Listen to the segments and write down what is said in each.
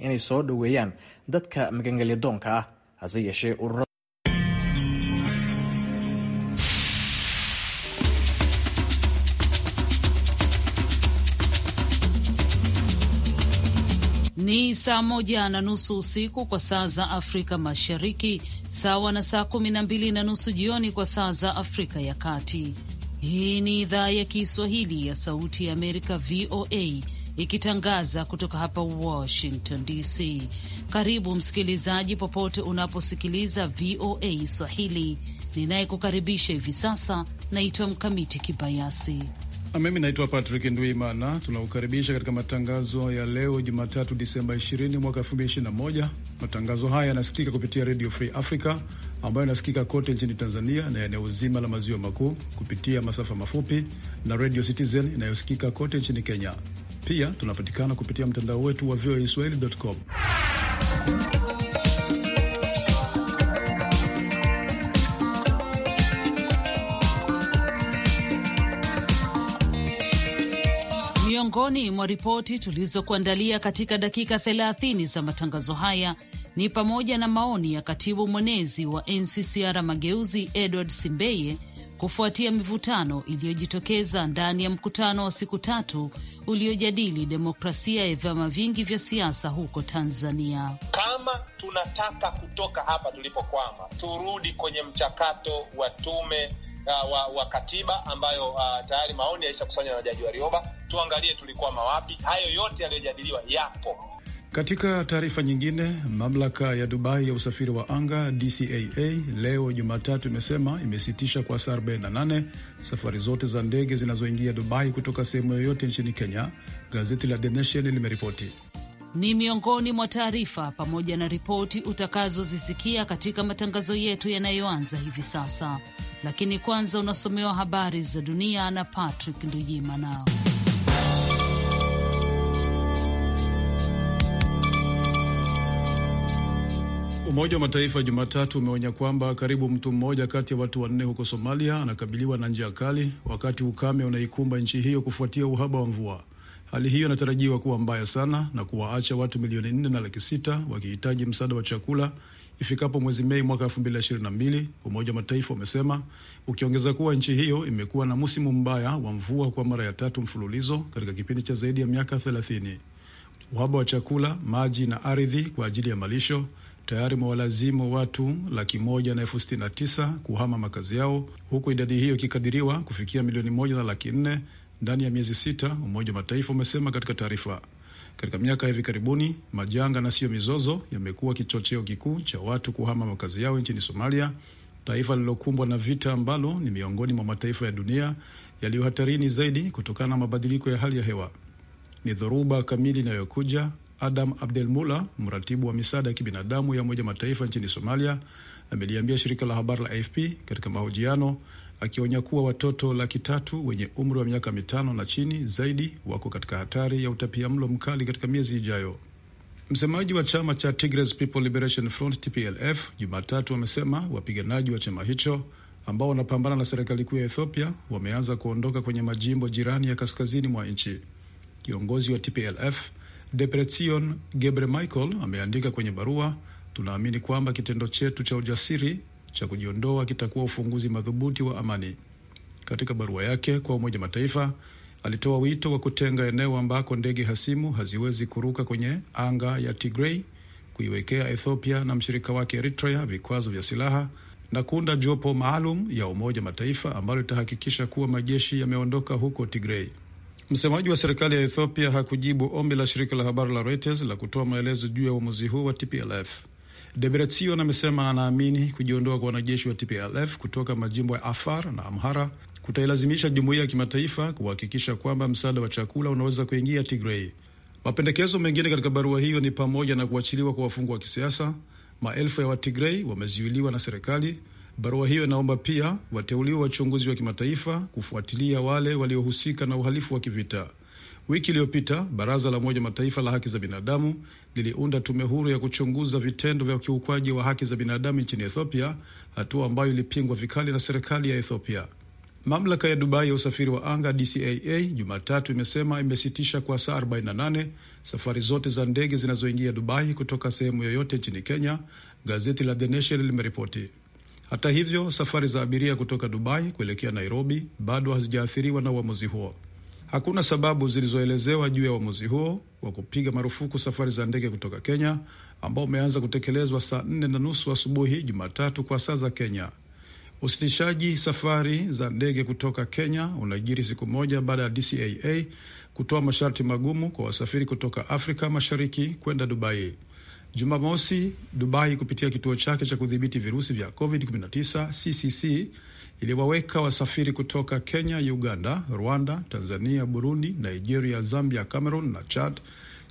inay soo dhoweeyaan dadka magangelyadoonka ah hase yeeshee ururada Ni saa moja na nusu usiku kwa saa za Afrika Mashariki, sawa na saa kumi na mbili na nusu jioni kwa saa za Afrika ya Kati. Hii ni idhaa ya Kiswahili ya Sauti ya Amerika, VOA ikitangaza kutoka hapa Washington DC. Karibu msikilizaji, popote unaposikiliza VOA Swahili. Ninayekukaribisha hivi sasa naitwa Mkamiti Kibayasi na ah, mimi naitwa Patrick Ndwimana. Tunakukaribisha katika matangazo ya leo Jumatatu, Disemba 20 mwaka 2021. Matangazo haya yanasikika kupitia Radio Free Africa ambayo inasikika kote nchini Tanzania na eneo zima la maziwa makuu kupitia masafa mafupi na Radio Citizen inayosikika kote nchini Kenya. Pia tunapatikana kupitia mtandao wetu wa voaswahili.com. miongoni mwa ripoti tulizokuandalia katika dakika 30 za matangazo haya ni pamoja na maoni ya katibu mwenezi wa NCCR Mageuzi Edward Simbeye kufuatia mivutano iliyojitokeza ndani ya mkutano wa siku tatu uliojadili demokrasia ya vyama vingi vya siasa huko Tanzania. Kama tunataka kutoka hapa tulipokwama, turudi kwenye mchakato wa tume uh, wa, wa katiba ambayo uh, tayari maoni yalishakusanywa na Jaji Warioba. Tuangalie tulikwama wapi. Hayo yote yaliyojadiliwa yapo katika taarifa nyingine, mamlaka ya Dubai ya usafiri wa anga DCAA leo Jumatatu imesema imesitisha kwa saa 48 safari zote za ndege zinazoingia Dubai kutoka sehemu yoyote nchini Kenya, gazeti la The Nation limeripoti. Ni miongoni mwa taarifa pamoja na ripoti utakazozisikia katika matangazo yetu yanayoanza hivi sasa lakini kwanza unasomewa habari za dunia na Patrick Nduyimanao. Umoja wa Mataifa Jumatatu umeonya kwamba karibu mtu mmoja kati ya watu wanne huko Somalia anakabiliwa na njaa kali wakati ukame unaikumba nchi hiyo kufuatia uhaba wa mvua. Hali hiyo inatarajiwa kuwa mbaya sana na kuwaacha watu milioni nne na laki sita wakihitaji msaada wa chakula ifikapo mwezi Mei mwaka 2022, Umoja wa Mataifa umesema, ukiongeza kuwa nchi hiyo imekuwa na msimu mbaya wa mvua kwa mara ya tatu mfululizo katika kipindi cha zaidi ya miaka 30. Uhaba wa chakula, maji na ardhi kwa ajili ya malisho tayari mewalazimu watu laki moja na elfu sitini na tisa kuhama makazi yao huku idadi hiyo ikikadiriwa kufikia milioni moja na laki nne ndani ya miezi sita, Umoja wa Mataifa umesema katika taarifa. Katika miaka ya hivi karibuni, majanga na siyo mizozo yamekuwa kichocheo kikuu cha watu kuhama makazi yao nchini Somalia, taifa lililokumbwa na vita ambalo ni miongoni mwa mataifa ya dunia yaliyohatarini zaidi kutokana na mabadiliko ya hali ya hewa. Ni dhoruba kamili inayokuja. Adam abdel mula mratibu wa misaada ya kibinadamu ya Umoja Mataifa nchini Somalia, ameliambia shirika la habari la AFP katika mahojiano akionya kuwa watoto laki tatu wenye umri wa miaka mitano na chini zaidi wako katika hatari ya utapia mlo mkali katika miezi ijayo. Msemaji wa chama cha Tigray People Liberation Front TPLF Jumatatu amesema wapiganaji wa chama hicho ambao wanapambana na serikali kuu ya Ethiopia wameanza kuondoka kwenye majimbo jirani ya kaskazini mwa nchi. Kiongozi wa TPLF Debretsion Gebre Michael ameandika kwenye barua, tunaamini kwamba kitendo chetu cha ujasiri cha kujiondoa kitakuwa ufunguzi madhubuti wa amani. Katika barua yake kwa Umoja Mataifa alitoa wito wa kutenga eneo ambako ndege hasimu haziwezi kuruka kwenye anga ya Tigray, kuiwekea Ethiopia na mshirika wake Eritrea vikwazo vya silaha na kuunda jopo maalum ya Umoja Mataifa ambalo litahakikisha kuwa majeshi yameondoka huko Tigray. Msemaji wa serikali ya Ethiopia hakujibu ombi la shirika la habari la Reuters la kutoa maelezo juu ya uamuzi huu wa TPLF. Debretsion amesema anaamini kujiondoa kwa wanajeshi wa TPLF kutoka majimbo ya Afar na Amhara kutailazimisha jumuiya ya kimataifa kuhakikisha kwamba msaada wa chakula unaweza kuingia Tigrei. Mapendekezo mengine katika barua hiyo ni pamoja na kuachiliwa kwa wafungwa wa kisiasa. Maelfu ya Watigrei wamezuiliwa na serikali. Barua hiyo inaomba pia wateuliwe wachunguzi wa kimataifa kufuatilia wale waliohusika na uhalifu wa kivita. Wiki iliyopita baraza la Umoja Mataifa la haki za binadamu liliunda tume huru ya kuchunguza vitendo vya ukiukwaji wa haki za binadamu nchini Ethiopia, hatua ambayo ilipingwa vikali na serikali ya Ethiopia. Mamlaka ya Dubai ya usafiri wa anga DCAA Jumatatu imesema imesitisha kwa saa 48 safari zote za ndege zinazoingia Dubai kutoka sehemu yoyote nchini Kenya, gazeti la The Nation limeripoti. Hata hivyo, safari za abiria kutoka Dubai kuelekea Nairobi bado hazijaathiriwa na uamuzi huo. Hakuna sababu zilizoelezewa juu ya uamuzi huo wa kupiga marufuku safari za ndege kutoka Kenya ambao umeanza kutekelezwa saa nne na nusu asubuhi Jumatatu kwa saa za Kenya. Usitishaji safari za ndege kutoka Kenya unajiri siku moja baada ya DCAA kutoa masharti magumu kwa wasafiri kutoka Afrika Mashariki kwenda Dubai. Jumamosi, Dubai kupitia kituo chake cha kudhibiti virusi vya COVID-19 CCC iliwaweka wasafiri kutoka Kenya, Uganda, Rwanda, Tanzania, Burundi, Nigeria, Zambia, Cameroon na Chad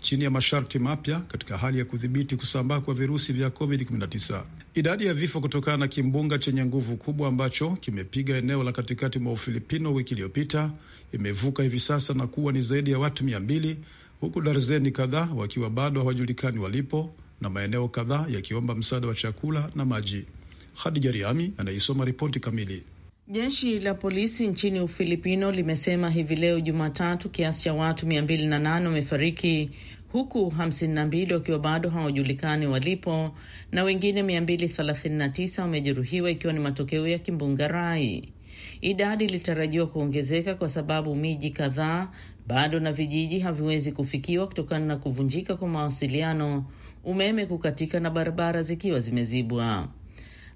chini ya masharti mapya katika hali ya kudhibiti kusambaa kwa virusi vya COVID-19. Idadi ya vifo kutokana na kimbunga chenye nguvu kubwa ambacho kimepiga eneo la katikati mwa Ufilipino wiki iliyopita imevuka hivi sasa na kuwa ni zaidi ya watu mia mbili huku darzeni kadhaa wakiwa bado hawajulikani walipo na maeneo kadhaa yakiomba msaada wa chakula na maji. Hadija Riami anaisoma ripoti kamili. Jeshi la polisi nchini Ufilipino limesema hivi leo Jumatatu kiasi cha watu 208 wamefariki huku 52 wakiwa bado hawajulikani walipo na wengine 239 wamejeruhiwa ikiwa ni matokeo ya kimbunga Rai. Idadi ilitarajiwa kuongezeka kwa sababu miji kadhaa bado na vijiji haviwezi kufikiwa kutokana na kuvunjika kwa mawasiliano, umeme kukatika na barabara zikiwa zimezibwa.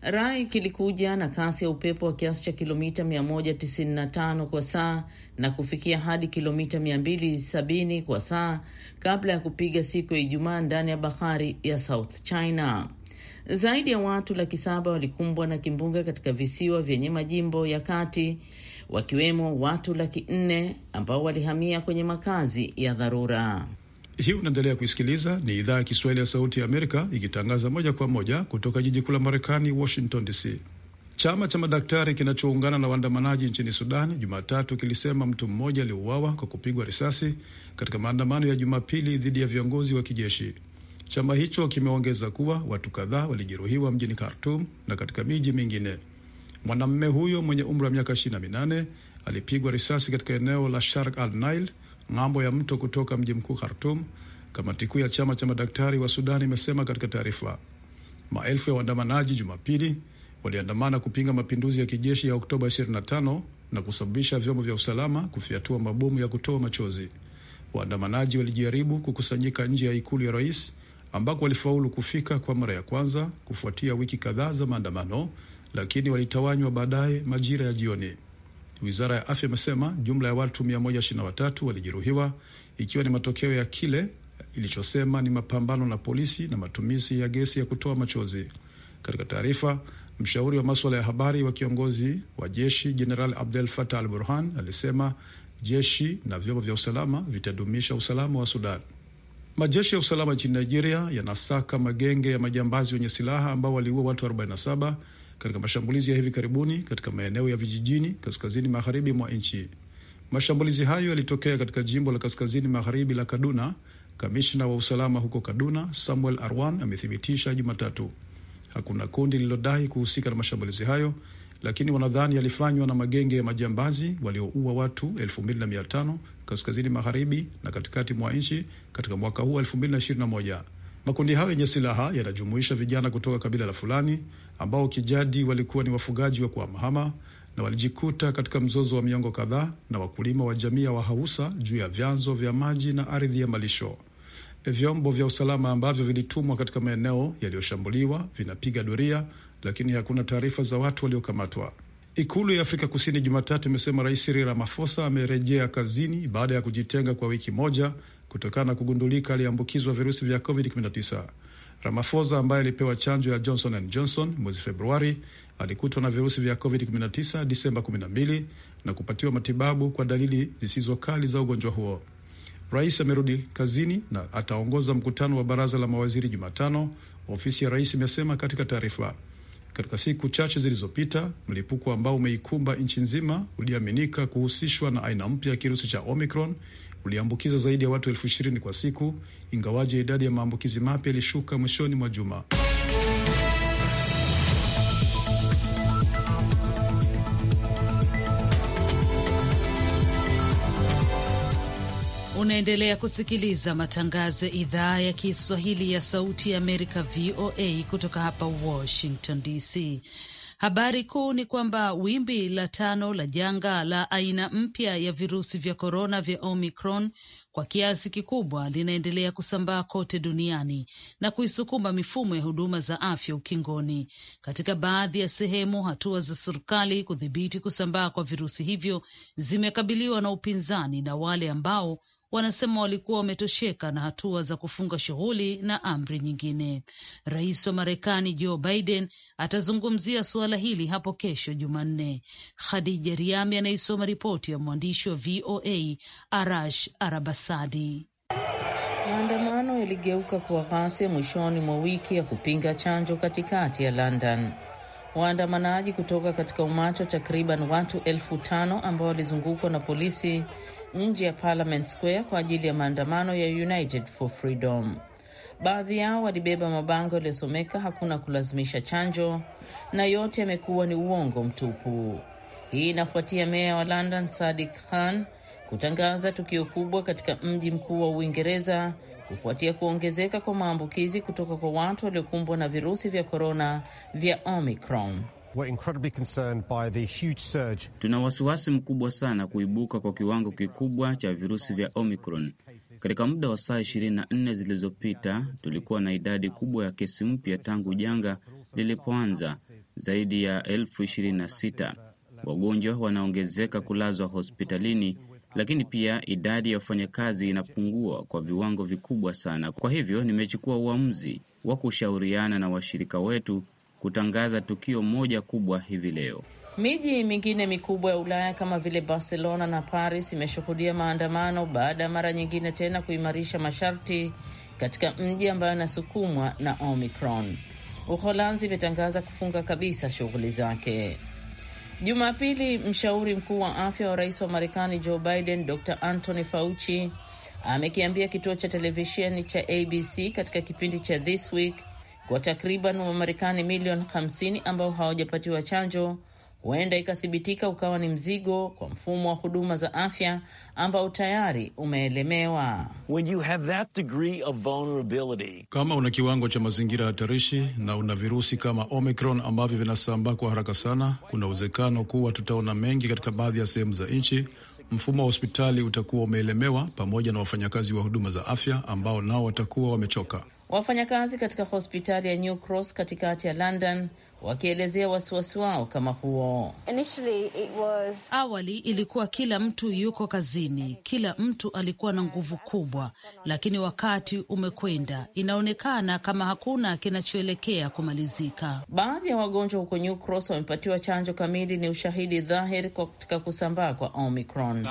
Rai kilikuja na kasi ya upepo wa kiasi cha kilomita 195 kwa saa na kufikia hadi kilomita 270 kwa saa kabla ya kupiga siku ya Ijumaa ndani ya bahari ya South China. Zaidi ya watu laki saba walikumbwa na kimbunga katika visiwa vyenye majimbo ya kati, wakiwemo watu laki nne ambao walihamia kwenye makazi ya dharura. Hii unaendelea kuisikiliza ni idhaa ya Kiswahili ya Sauti ya Amerika ikitangaza moja kwa moja kutoka jiji kuu la Marekani, Washington DC. Chama cha madaktari kinachoungana na waandamanaji nchini Sudani Jumatatu kilisema mtu mmoja aliuawa kwa kupigwa risasi katika maandamano ya Jumapili dhidi ya viongozi wa kijeshi. Chama hicho kimeongeza kuwa watu kadhaa walijeruhiwa mjini Khartum na katika miji mingine. Mwanamume huyo mwenye umri wa miaka ishirini minane alipigwa risasi katika eneo la Shark al Nile ng'ambo ya mto kutoka mji mkuu Khartoum, kamati kuu ya chama cha madaktari wa sudani imesema katika taarifa. Maelfu ya waandamanaji Jumapili waliandamana kupinga mapinduzi ya kijeshi ya Oktoba 25 na kusababisha vyombo vya usalama kufyatua mabomu ya kutoa machozi. Waandamanaji walijaribu kukusanyika nje ya ikulu ya rais ambako walifaulu kufika kwa mara ya kwanza kufuatia wiki kadhaa za maandamano, lakini walitawanywa baadaye majira ya jioni. Wizara ya afya imesema jumla ya watu 123 walijeruhiwa ikiwa ni matokeo ya kile ilichosema ni mapambano na polisi na matumizi ya gesi ya kutoa machozi. Katika taarifa, mshauri wa maswala ya habari wa kiongozi wa jeshi Jeneral Abdel Fattah al Burhan alisema jeshi na vyombo vya usalama vitadumisha usalama wa Sudan. Majeshi ya usalama nchini Nigeria yanasaka magenge ya majambazi wenye silaha ambao waliua watu katika mashambulizi ya hivi karibuni katika maeneo ya vijijini kaskazini magharibi mwa nchi. Mashambulizi hayo yalitokea katika jimbo la kaskazini magharibi la Kaduna. Kamishna wa usalama huko Kaduna, Samuel Arwan, amethibitisha Jumatatu. Hakuna kundi lililodai kuhusika na mashambulizi hayo, lakini wanadhani yalifanywa na magenge ya majambazi walioua watu elfu kaskazini magharibi na katikati mwa nchi katika mwaka huu elfu Makundi hayo yenye silaha yanajumuisha vijana kutoka kabila la Fulani ambao kijadi walikuwa ni wafugaji wa kuhamahama na walijikuta katika mzozo wa miongo kadhaa na wakulima wa jamii ya Wahausa juu ya vyanzo vya maji na ardhi ya malisho. Vyombo vya usalama ambavyo vilitumwa katika maeneo yaliyoshambuliwa vinapiga doria, lakini hakuna taarifa za watu waliokamatwa. Ikulu ya Afrika Kusini Jumatatu imesema Rais Cyril Ramaphosa amerejea kazini baada ya kujitenga kwa wiki moja kutokana na kugundulika aliambukizwa virusi vya COVID-19. Ramaphosa ambaye alipewa chanjo ya Johnson and Johnson mwezi Februari alikutwa na virusi vya COVID-19 Disemba 12 na kupatiwa matibabu kwa dalili zisizo kali za ugonjwa huo. Rais amerudi kazini na ataongoza mkutano wa baraza la mawaziri Jumatano, ofisi ya rais imesema katika taarifa. Katika siku chache zilizopita, mlipuko ambao umeikumba nchi nzima uliaminika kuhusishwa na aina mpya ya kirusi cha Omicron uliambukiza zaidi ya watu elfu ishirini kwa siku, ingawaje idadi ya maambukizi mapya ilishuka mwishoni mwa juma. Unaendelea kusikiliza matangazo ya idhaa ya Kiswahili ya Sauti ya Amerika, VOA, kutoka hapa Washington DC. Habari kuu ni kwamba wimbi la tano la janga la aina mpya ya virusi vya korona vya Omicron kwa kiasi kikubwa linaendelea kusambaa kote duniani na kuisukuma mifumo ya huduma za afya ukingoni. Katika baadhi ya sehemu, hatua za serikali kudhibiti kusambaa kwa virusi hivyo zimekabiliwa na upinzani na wale ambao wanasema walikuwa wametosheka na hatua za kufunga shughuli na amri nyingine. Rais wa Marekani Joe Biden atazungumzia suala hili hapo kesho Jumanne. Khadija Riami anaisoma ripoti ya mwandishi wa VOA Arash Arabasadi. Maandamano yaligeuka kuwa ghasia mwishoni mwa wiki ya kupinga chanjo katikati ya London. Waandamanaji kutoka katika umati wa takriban watu elfu tano ambao walizungukwa na polisi nje ya Parliament Square kwa ajili ya maandamano ya United for Freedom. Baadhi yao walibeba mabango yaliyosomeka hakuna kulazimisha chanjo na yote yamekuwa ni uongo mtupu. Hii inafuatia meya wa London Sadiq Khan kutangaza tukio kubwa katika mji mkuu wa Uingereza kufuatia kuongezeka kwa maambukizi kutoka kwa watu waliokumbwa na virusi vya korona vya Omicron. Tuna wasiwasi mkubwa sana kuibuka kwa kiwango kikubwa cha virusi vya Omicron. Katika muda wa saa 24 zilizopita, tulikuwa na idadi kubwa ya kesi mpya tangu janga lilipoanza, zaidi ya elfu 26. Wagonjwa wanaongezeka kulazwa hospitalini, lakini pia idadi ya wafanyakazi inapungua kwa viwango vikubwa sana. Kwa hivyo nimechukua uamuzi wa kushauriana na washirika wetu kutangaza tukio moja kubwa hivi leo. Miji mingine mikubwa ya Ulaya kama vile Barcelona na Paris imeshuhudia maandamano baada ya mara nyingine tena kuimarisha masharti katika mji ambayo inasukumwa na Omicron. Uholanzi imetangaza kufunga kabisa shughuli zake. Jumapili, mshauri mkuu wa afya wa rais wa Marekani Joe Biden, Dr Anthony Fauci amekiambia kituo cha televisheni cha ABC katika kipindi cha This Week kwa takriban Wamarekani milioni 50 ambao hawajapatiwa chanjo, huenda ikathibitika ukawa ni mzigo kwa mfumo wa huduma za afya ambao tayari umeelemewa. When you have that degree of vulnerability, kama una kiwango cha mazingira hatarishi na una virusi kama Omicron ambavyo vinasambaa kwa haraka sana, kuna uwezekano kuwa tutaona mengi katika baadhi ya sehemu za nchi Mfumo wa hospitali utakuwa umeelemewa pamoja na wafanyakazi wa huduma za afya ambao nao watakuwa wamechoka. Wafanyakazi katika hospitali ya New Cross katikati ya London wakielezea wasiwasi wao kama huo. Was... awali ilikuwa kila mtu yuko kazini, kila mtu alikuwa na nguvu kubwa, lakini wakati umekwenda, inaonekana kama hakuna kinachoelekea kumalizika. Baadhi ya wagonjwa huko New Cross wamepatiwa chanjo kamili, ni ushahidi dhahiri katika kusambaa kwa Omicron.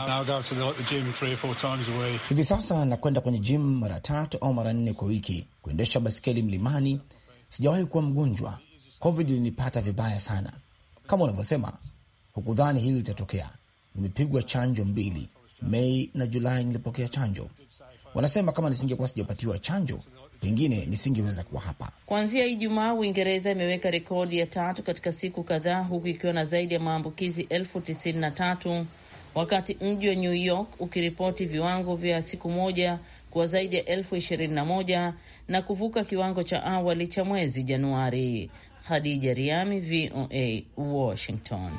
Hivi sasa nakwenda kwenye jimu mara tatu au mara nne kwa wiki, kuendesha baskeli mlimani. Sijawahi kuwa mgonjwa Covid ilinipata vibaya sana, kama unavyosema, hukudhani hili litatokea. Nimepigwa chanjo mbili, Mei na Julai nilipokea chanjo. Wanasema kama nisingekuwa sijapatiwa chanjo pengine nisingeweza kuwa hapa. Kuanzia Ijumaa, Uingereza imeweka rekodi ya tatu katika siku kadhaa, huku ikiwa na zaidi ya maambukizi elfu tisini na tatu wakati mji wa New York ukiripoti viwango vya siku moja kuwa zaidi ya elfu ishirini na moja na kuvuka kiwango cha awali cha mwezi Januari. Khadija Riami, VOA Washington.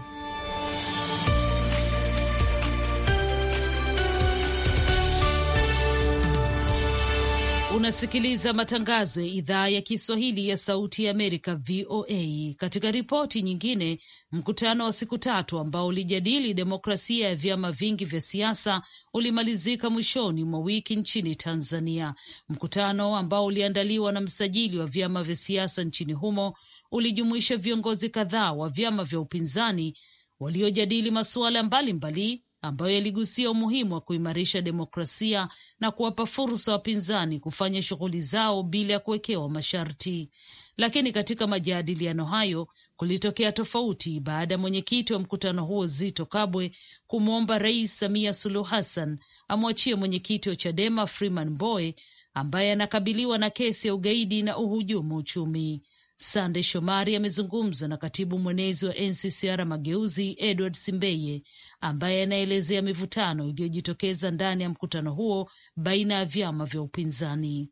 Unasikiliza matangazo ya idhaa ya Kiswahili ya Sauti ya Amerika, VOA. Katika ripoti nyingine, mkutano wa siku tatu ambao ulijadili demokrasia ya vyama vingi vya siasa ulimalizika mwishoni mwa wiki nchini Tanzania, mkutano ambao uliandaliwa na msajili wa vyama vya siasa nchini humo ulijumuisha viongozi kadhaa wa vyama vya upinzani waliojadili masuala mbalimbali ambayo yaligusia umuhimu wa kuimarisha demokrasia na kuwapa fursa wapinzani kufanya shughuli zao bila ya kuwekewa masharti. Lakini katika majadiliano hayo kulitokea tofauti baada ya mwenyekiti wa mkutano huo Zito Kabwe kumwomba Rais Samia Suluhu Hassan amwachie mwenyekiti wa Chadema Freeman Mbowe ambaye anakabiliwa na kesi ya ugaidi na uhujumu uchumi. Sande Shomari amezungumza na katibu mwenezi wa NCCR Mageuzi, Edward Simbeye, ambaye anaelezea mivutano iliyojitokeza ndani ya mkutano huo baina ya vyama vya upinzani.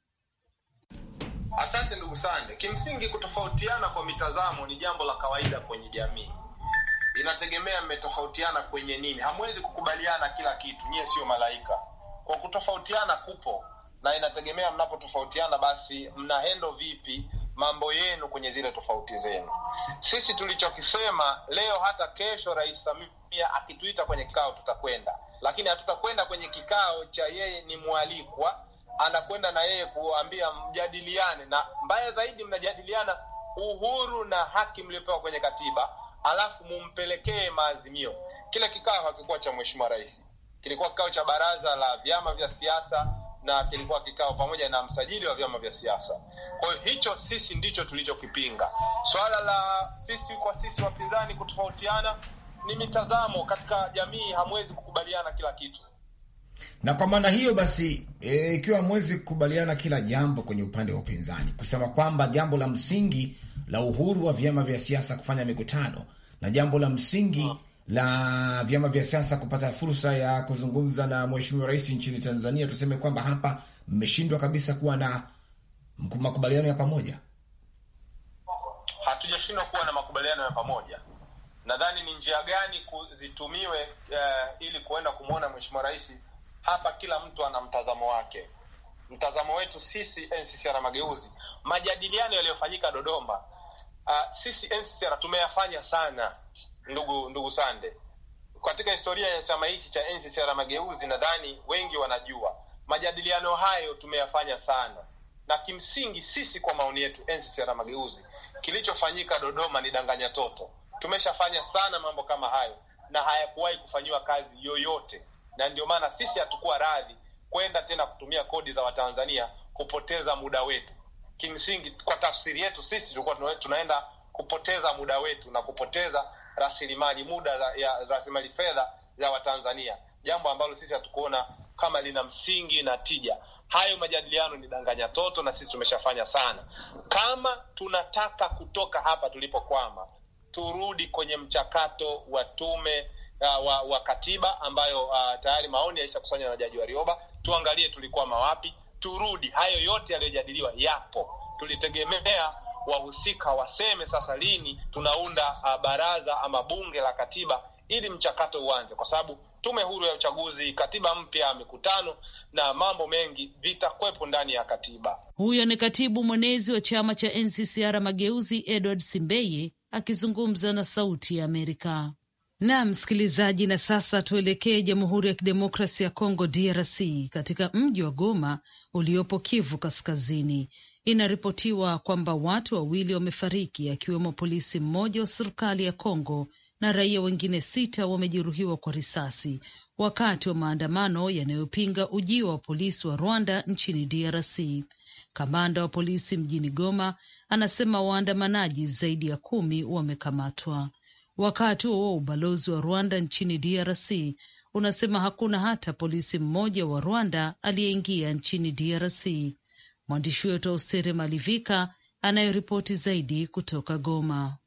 Asante ndugu Sande. Kimsingi, kutofautiana kwa mitazamo ni jambo la kawaida kwenye jamii, inategemea mmetofautiana kwenye nini. Hamwezi kukubaliana kila kitu, nyiye siyo malaika. Kwa kutofautiana kupo na inategemea mnapotofautiana, basi mna hendo vipi mambo yenu kwenye zile tofauti zenu. Sisi tulichokisema leo, hata kesho Rais Samia akituita kwenye kikao tutakwenda, lakini hatutakwenda kwenye kikao cha yeye ni mwalikwa, anakwenda na yeye kuambia mjadiliane, na mbaya zaidi mnajadiliana uhuru na haki mliopewa kwenye katiba, alafu mumpelekee maazimio. Kile kikao hakikuwa cha mheshimiwa rais, kilikuwa kikao cha baraza la vyama vya siasa na kilikuwa kikao pamoja na msajili wa vyama vya siasa. Kwa hiyo hicho sisi ndicho tulichokipinga. Swala la sisi kwa sisi wapinzani kutofautiana ni mitazamo katika jamii, hamwezi kukubaliana kila kitu. Na kwa maana hiyo basi, e, ikiwa hamwezi kukubaliana kila jambo kwenye upande wa upinzani, kusema kwamba jambo la msingi la uhuru wa vyama vya siasa kufanya mikutano na jambo la msingi hmm la vyama vya siasa kupata fursa ya kuzungumza na mheshimiwa rais nchini Tanzania, tuseme kwamba hapa mmeshindwa kabisa kuwa na makubaliano ya pamoja? Hatujashindwa kuwa na makubaliano ya pamoja. Nadhani ni njia gani zitumiwe, uh, eh, ili kuenda kumwona mheshimiwa rais. Hapa kila mtu ana mtazamo wake. Mtazamo wetu sisi NCCR Mageuzi, majadiliano yaliyofanyika Dodoma, uh, sisi NCCR tumeyafanya sana ndugu ndugu Sande, katika historia ya chama hichi cha NCCR Mageuzi, nadhani wengi wanajua majadiliano hayo tumeyafanya sana, na kimsingi sisi kwa maoni yetu NCCR Mageuzi, kilichofanyika Dodoma ni danganya toto. Tumeshafanya sana mambo kama hayo na hayakuwahi kufanyiwa kazi yoyote, na ndio maana sisi hatukuwa radhi kwenda tena kutumia kodi za Watanzania kupoteza muda wetu. Kimsingi, kwa tafsiri yetu sisi tulikuwa tunaenda kupoteza muda wetu na kupoteza rasilimali muda la, ya rasilimali fedha za Watanzania, jambo ambalo sisi hatukuona kama lina msingi na tija. Hayo majadiliano ni danganya toto, na sisi tumeshafanya sana. Kama tunataka kutoka hapa tulipokwama, turudi kwenye mchakato wa tume uh, wa, wa katiba ambayo uh, tayari maoni yaisha yaishakusanywa na Jaji Warioba. Tuangalie tulikwama wapi turudi. Hayo yote yaliyojadiliwa yapo, tulitegemea wahusika waseme sasa lini tunaunda uh, baraza ama bunge la katiba ili mchakato uanze, kwa sababu tume huru ya uchaguzi, katiba mpya, mikutano na mambo mengi vitakwepo ndani ya katiba. Huyo ni katibu mwenezi wa chama cha NCCR Mageuzi, Edward Simbeye akizungumza na Sauti ya Amerika. Na msikilizaji, na sasa tuelekee Jamhuri ya Kidemokrasi ya Kongo, DRC, katika mji wa Goma uliopo Kivu Kaskazini. Inaripotiwa kwamba watu wawili wamefariki akiwemo polisi mmoja wa serikali ya Kongo na raia wengine sita wamejeruhiwa kwa risasi wakati wa maandamano yanayopinga ujio wa polisi wa Rwanda nchini DRC. Kamanda wa polisi mjini Goma anasema waandamanaji zaidi ya kumi wamekamatwa. Wakati huo ubalozi wa Rwanda nchini DRC unasema hakuna hata polisi mmoja wa Rwanda aliyeingia nchini DRC. Mwandishi wetu Austere Malivika anayeripoti zaidi kutoka Goma.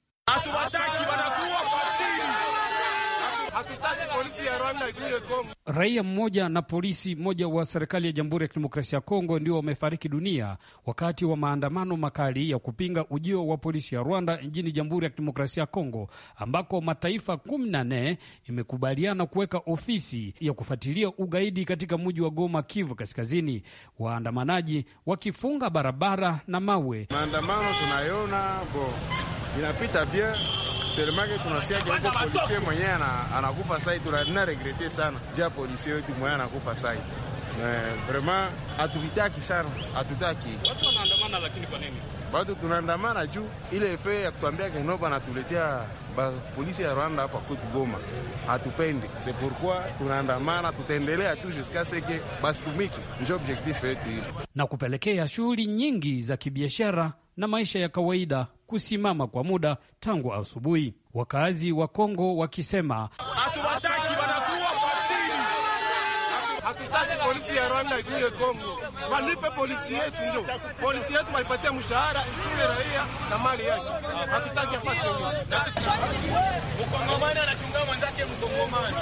Hatutaki polisi ya Rwanda ikuye Goma raia mmoja na polisi mmoja wa serikali ya Jamhuri ya Kidemokrasia ya Kongo ndio wamefariki dunia wakati wa maandamano makali ya kupinga ujio wa polisi ya Rwanda nchini Jamhuri ya Kidemokrasia ya Kongo, ambako mataifa kumi na nne imekubaliana kuweka ofisi ya kufuatilia ugaidi katika mji wa Goma, Kivu Kaskazini, waandamanaji wakifunga barabara na mawe. Maandamano tunayona bo inapita pia Telemake tunasikia huko mwenyewe anakufa sai, tuna regrete sana ja polisie wetu mwenyewe anakufa sai. Vraiment hatuvitaki sana, hatutaki watu wanaandamana. Lakini kwa nini tunaandamana? Juu ile efe ya kutuambia Kenoba anatuletea ba polisi ya Rwanda hapa kwetu Goma, hatupendi. C'est pourquoi tunaandamana, tutaendelea tu jusqu'à ce que basi objectif yetu, na kupelekea shughuli nyingi za kibiashara na maisha ya kawaida kusimama kwa muda tangu asubuhi, wakazi wa Kongo wakisema hatutaki polisi ya Rwanda ijue Kongo. Walipe polisi yetu, njo polisi yetu waipatia mshahara, ichule raia na mali yake. Hatutaki afasi mkongomani anachunga mwenzake mkongomani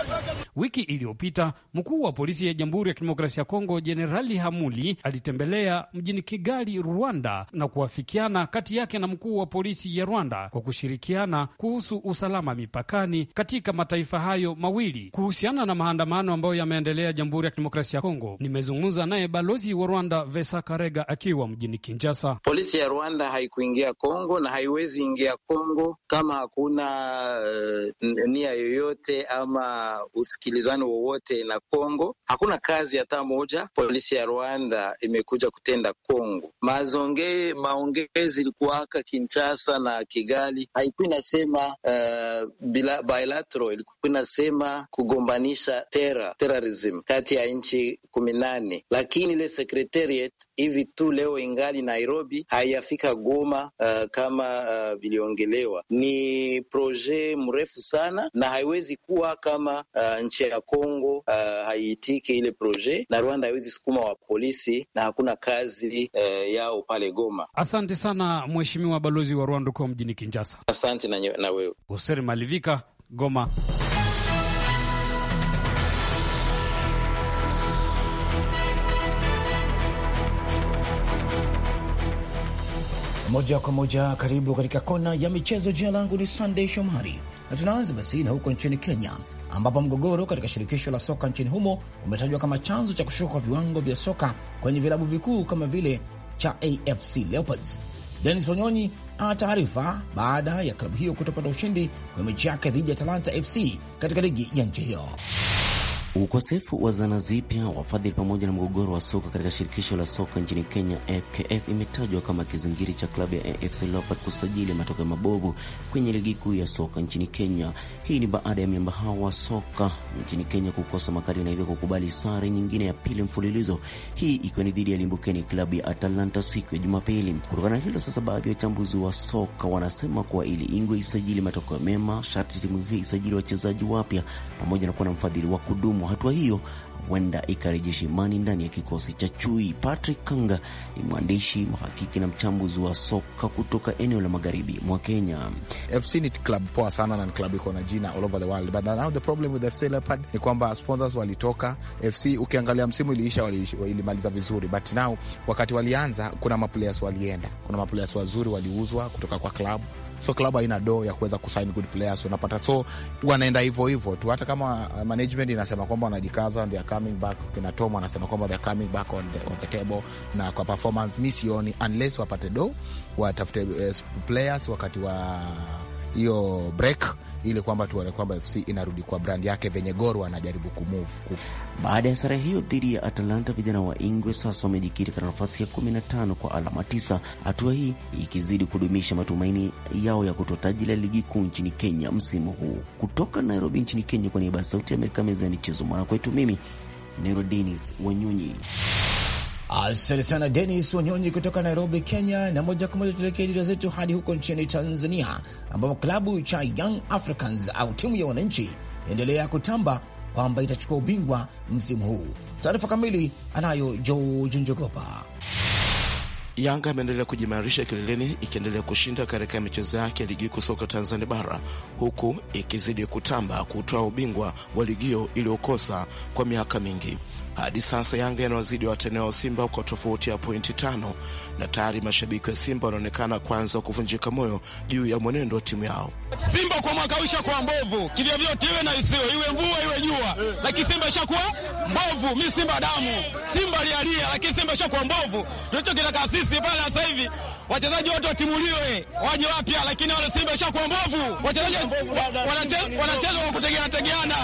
Wiki iliyopita mkuu wa polisi ya Jamhuri ya Kidemokrasia ya Kongo Jenerali Hamuli alitembelea mjini Kigali, Rwanda, na kuafikiana kati yake na mkuu wa polisi ya Rwanda kwa kushirikiana kuhusu usalama mipakani katika mataifa hayo mawili. Kuhusiana na maandamano ambayo yameendelea Jamhuri ya Kidemokrasia ya Kongo, nimezungumza naye balozi wa Rwanda Vesa Karega akiwa mjini Kinshasa. Polisi ya Rwanda haikuingia Kongo na haiwezi ingia Kongo kama hakuna eh, nia yoyote ama usiki usikilizano wowote na Kongo. Hakuna kazi hata moja polisi ya Rwanda imekuja kutenda Kongo. Mazonge, maongezi ilikuwaka Kinshasa na Kigali, haikuwa inasema uh, bilateral, ilikuwa inasema kugombanisha tera, terrorism kati ya nchi kumi nane, lakini ile secretariat hivi tu leo ingali Nairobi, haiyafika Goma uh, kama uh, viliongelewa. ni proje mrefu sana na haiwezi kuwa kama uh, nchi ya Kongo uh, haiitiki ile proje na Rwanda haiwezi sukuma wa polisi na hakuna kazi uh, yao pale Goma. Asante sana mheshimiwa balozi wa Rwanda huko mjini Kinshasa. Asante na, na wewe. Hussein Malivika, Goma. Moja kwa moja, karibu katika kona ya michezo. Jina langu ni Sunday Shomari na tunaanza basi na huko nchini Kenya, ambapo mgogoro katika shirikisho la soka nchini humo umetajwa kama chanzo cha kushuka kwa viwango vya soka kwenye vilabu vikuu kama vile cha AFC Leopards. Denis Wanyonyi ana taarifa baada ya klabu hiyo kutopata ushindi kwenye mechi yake dhidi ya Talanta FC katika ligi ya nchi hiyo. Ukosefu wa zana zipya, wafadhili, pamoja na mgogoro wa soka katika shirikisho la soka nchini Kenya FKF imetajwa kama kizingiri cha klabu ya AFC Leopards kusajili matokeo mabovu kwenye ligi kuu ya soka nchini Kenya. Hii ni baada ya miamba hao wa soka nchini Kenya kukosa makali na hivyo kukubali sare nyingine ya pili mfululizo, hii ikiwa ni dhidi ya limbukeni klabu ya Atalanta siku ya Jumapili. Kutokana na hilo sasa, baadhi ya wachambuzi wa soka wanasema kuwa ili Ingwe isajili matokeo mema, sharti timu hii isajili wachezaji wapya pamoja na kuwa na mfadhili wa kudumu hatua hiyo huenda ikarejesha imani ndani ya kikosi cha chui. Patrick Kanga ni mwandishi, mhakiki na mchambuzi wa soka kutoka eneo la magharibi mwa Kenya. FC ni club poa sana na club iko na jina all over the world, but now the problem with FC Leopard ni kwamba sponsors walitoka. FC ukiangalia msimu iliisha, ilimaliza vizuri, but now wakati walianza, kuna maplayers walienda, kuna maplayers wazuri waliuzwa kutoka kwa klabu so klabu haina do ya kuweza kusign good players unapata, so wanaenda hivo hivo tu, hata kama uh, management inasema kwamba wanajikaza, they they're coming back. Kina Tom anasema kwamba they're coming back on the, on the table, na kwa performance mi sioni unless wapate do watafute uh, players wakati wa hiyo break ili kwamba tuone kwamba FC inarudi kwa brand yake venye Gor anajaribu kumove. Baada ya sare hiyo dhidi ya Atalanta, vijana wa Ingwe sasa wamejikiri katika nafasi ya 15 kwa alama 9, hatua hii ikizidi kudumisha matumaini yao ya kutoa taji la ligi kuu nchini Kenya msimu huu. Kutoka Nairobi nchini Kenya, kwa niaba ya Sauti ya Amerika, meza ya michezo, mwanakwetu, mimi Nero Denis Wanyonyi. Asante ah, sana Denis Wanyonyi kutoka Nairobi, Kenya. Na moja kwa moja tuelekee dira zetu hadi huko nchini Tanzania, ambapo klabu cha Young Africans au timu ya wananchi inaendelea kutamba kwamba itachukua ubingwa msimu huu. Taarifa kamili anayo George Njogopa. Yanga ameendelea kujimarisha kileleni ikiendelea kushinda katika michezo yake ya ligi kuu soka Tanzania bara huku ikizidi kutamba kutoa ubingwa wa ligio iliyokosa kwa miaka mingi. Hadi sasa Yanga inawazidi watani wa Simba kwa tofauti ya pointi tano, na tayari mashabiki wa Simba wanaonekana kwanza kuvunjika moyo juu ya mwenendo wa timu yao. Simba kwa mwaka huu ishakuwa mbovu kivyovyote, iwe na isiwe, iwe mvua iwe jua, lakini Simba ishakuwa mbovu. Mi Simba damu, Simba lialia, lakini Simba ishakuwa mbovu. Tunachokitaka sisi pale sasa hivi wachezaji wote watimuliwe waje wapya, lakini wale Simba ishakuwa mbovu. Wachezaji wanacheza kwa kutegeana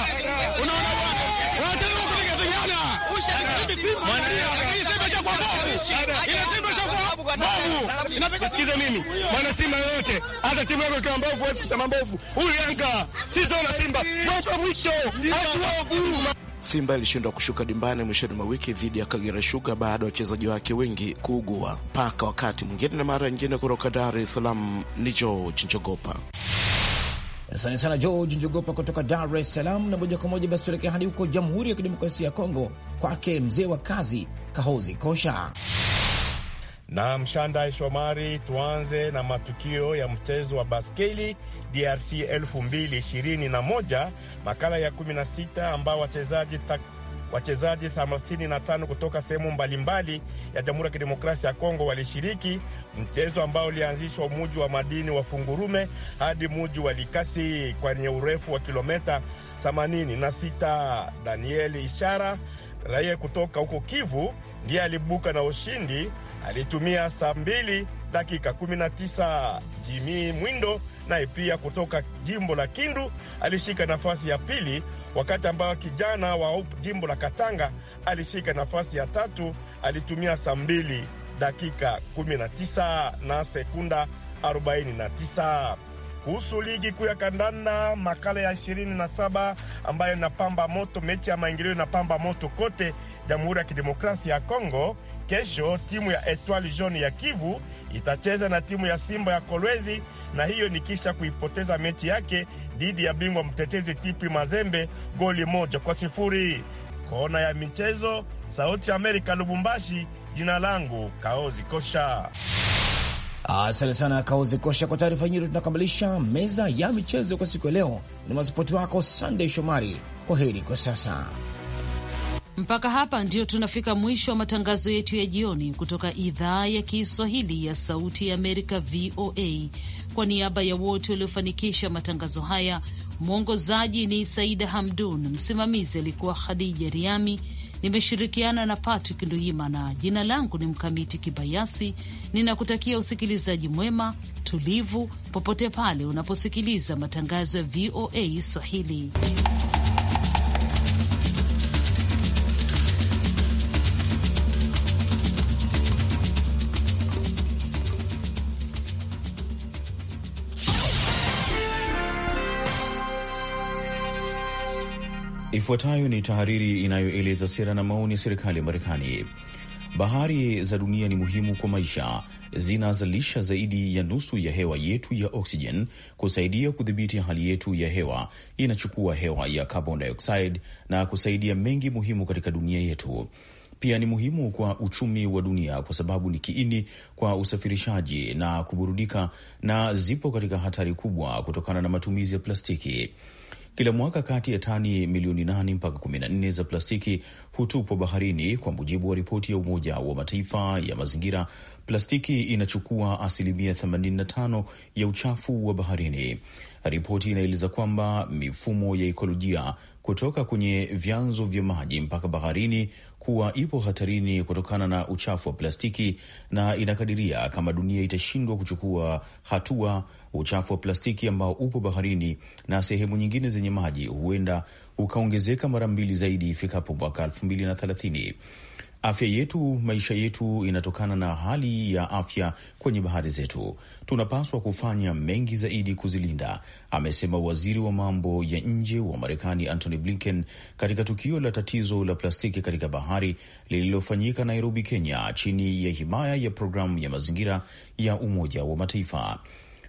unaona, wanacheza kwa kutegeategeana Nasikiza mimi mwana Simba yoyote, hata timu yako ikiwa mbovu huwezi kusema mbovu. Huyu Yanga Simba mwisho hatuwavu. Simba ilishindwa kushuka dimbani mwishoni mwa wiki dhidi ya Kagera shuga baada ya wachezaji wake wengi kuugua. Mpaka wakati mwingine na mara nyingine, kutoka Dar es Salaam ni George Njogopa. Asante sana George Njogopa kutoka Dar es Salaam. Na moja kwa moja basi tuelekea hadi huko Jamhuri ya Kidemokrasia ya Kongo, kwake mzee wa kazi Kahozi Kosha na Mshanda Shomari. Tuanze na matukio ya mchezo wa baskeli DRC 2021 makala ya 16 ambao wachezaji Wachezaji 35 kutoka sehemu mbalimbali ya Jamhuri ya Kidemokrasia ya Kongo walishiriki mchezo ambao ulianzishwa muji wa madini wa Fungurume hadi muji wa Likasi kwenye urefu wa kilometa 86. Daniel Ishara raia kutoka huko Kivu ndiye alibuka na ushindi, alitumia saa b dakika 19. Jimii Mwindo naye pia kutoka jimbo la Kindu alishika nafasi ya pili wakati ambao kijana wa jimbo la Katanga alishika nafasi ya tatu, alitumia saa mbili dakika 19 na sekunda 49. Kuhusu ligi kuu ya kandanda makala ya 27 ambayo inapamba moto mechi ya maingilio inapamba moto kote Jamhuri ya Kidemokrasia ya Kongo. Kesho timu ya Etoile Jaune ya Kivu itacheza na timu ya Simba ya Kolwezi, na hiyo ni kisha kuipoteza mechi yake dhidi ya bingwa mtetezi tipi Mazembe goli moja kwa sifuri. Kona ya michezo, Sauti Amerika, Lubumbashi. Jina langu Kaozi Kosha. Asante sana Kaozi Kosha kwa taarifa nyingi. Tunakamilisha meza ya michezo kwa siku ya leo. Ni mwasipoti wako Sandey Shomari. Kwa heri kwa sasa. Mpaka hapa ndio tunafika mwisho wa matangazo yetu ya jioni kutoka idhaa ya Kiswahili ya Sauti ya Amerika, VOA. Kwa niaba ya wote waliofanikisha matangazo haya, mwongozaji ni Saida Hamdun, msimamizi alikuwa Khadija Riami, nimeshirikiana na Patrick Nduimana. Jina langu ni Mkamiti Kibayasi, ninakutakia usikilizaji mwema tulivu, popote pale unaposikiliza matangazo ya VOA Swahili. Ifuatayo ni tahariri inayoeleza sera na maoni ya serikali ya Marekani. Bahari za dunia ni muhimu kwa maisha. Zinazalisha zaidi ya nusu ya hewa yetu ya oksijen, Kusaidia kudhibiti hali yetu ya hewa, inachukua hewa ya carbon dioxide na kusaidia mengi muhimu katika dunia yetu. Pia ni muhimu kwa uchumi wa dunia kwa sababu ni kiini kwa usafirishaji na kuburudika, na zipo katika hatari kubwa kutokana na matumizi ya plastiki. Kila mwaka kati ya tani milioni nane mpaka kumi na nne za plastiki hutupwa baharini, kwa mujibu wa ripoti ya Umoja wa Mataifa ya mazingira. Plastiki inachukua asilimia 85 ya uchafu wa baharini. Ripoti inaeleza kwamba mifumo ya ikolojia kutoka kwenye vyanzo vya maji mpaka baharini kuwa ipo hatarini kutokana na uchafu wa plastiki, na inakadiria kama dunia itashindwa kuchukua hatua, uchafu wa plastiki ambao upo baharini na sehemu nyingine zenye maji huenda ukaongezeka mara mbili zaidi ifikapo mwaka elfu mbili na thelathini. Afya yetu maisha yetu inatokana na hali ya afya kwenye bahari zetu. Tunapaswa kufanya mengi zaidi kuzilinda, amesema waziri wa mambo ya nje wa Marekani Antony Blinken katika tukio la tatizo la plastiki katika bahari lililofanyika Nairobi, Kenya, chini ya himaya ya programu ya mazingira ya Umoja wa Mataifa.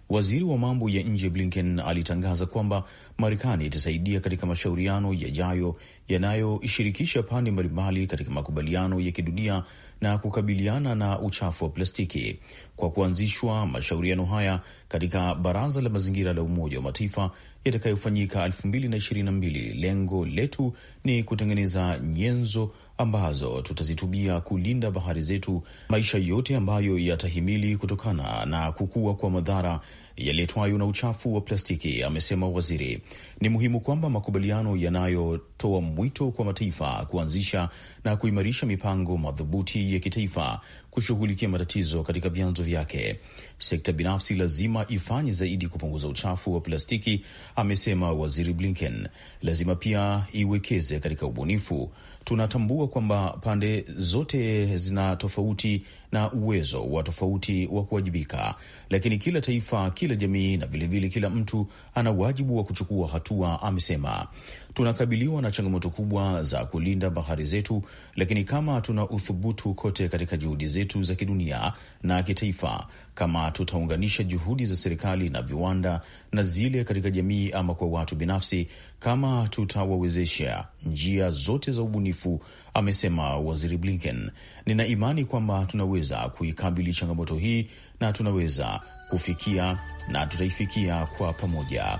Waziri wa mambo ya nje Blinken alitangaza kwamba Marekani itasaidia katika mashauriano yajayo yanayoishirikisha pande mbalimbali katika makubaliano ya kidunia na kukabiliana na uchafu wa plastiki kwa kuanzishwa mashauriano haya katika Baraza la Mazingira la Umoja wa Mataifa yatakayofanyika 2022. Lengo letu ni kutengeneza nyenzo ambazo tutazitumia kulinda bahari zetu, maisha yote ambayo yatahimili kutokana na kukua kwa madhara yaletwayo na uchafu wa plastiki, amesema waziri. Ni muhimu kwamba makubaliano yanayotoa mwito kwa mataifa kuanzisha na kuimarisha mipango madhubuti ya kitaifa kushughulikia matatizo katika vyanzo vyake sekta binafsi lazima ifanye zaidi kupunguza uchafu wa plastiki, amesema Waziri Blinken. Lazima pia iwekeze katika ubunifu. Tunatambua kwamba pande zote zina tofauti na uwezo wa tofauti wa kuwajibika, lakini kila taifa, kila jamii na vilevile kila mtu ana wajibu wa kuchukua hatua, amesema. Tunakabiliwa na changamoto kubwa za kulinda bahari zetu, lakini kama tuna uthubutu kote katika juhudi zetu za kidunia na kitaifa, kama tutaunganisha juhudi za serikali na viwanda na zile katika jamii ama kwa watu binafsi, kama tutawawezesha njia zote za ubunifu, amesema Waziri Blinken. Nina imani kwamba tunaweza kuikabili changamoto hii na tunaweza kufikia na tutaifikia kwa pamoja.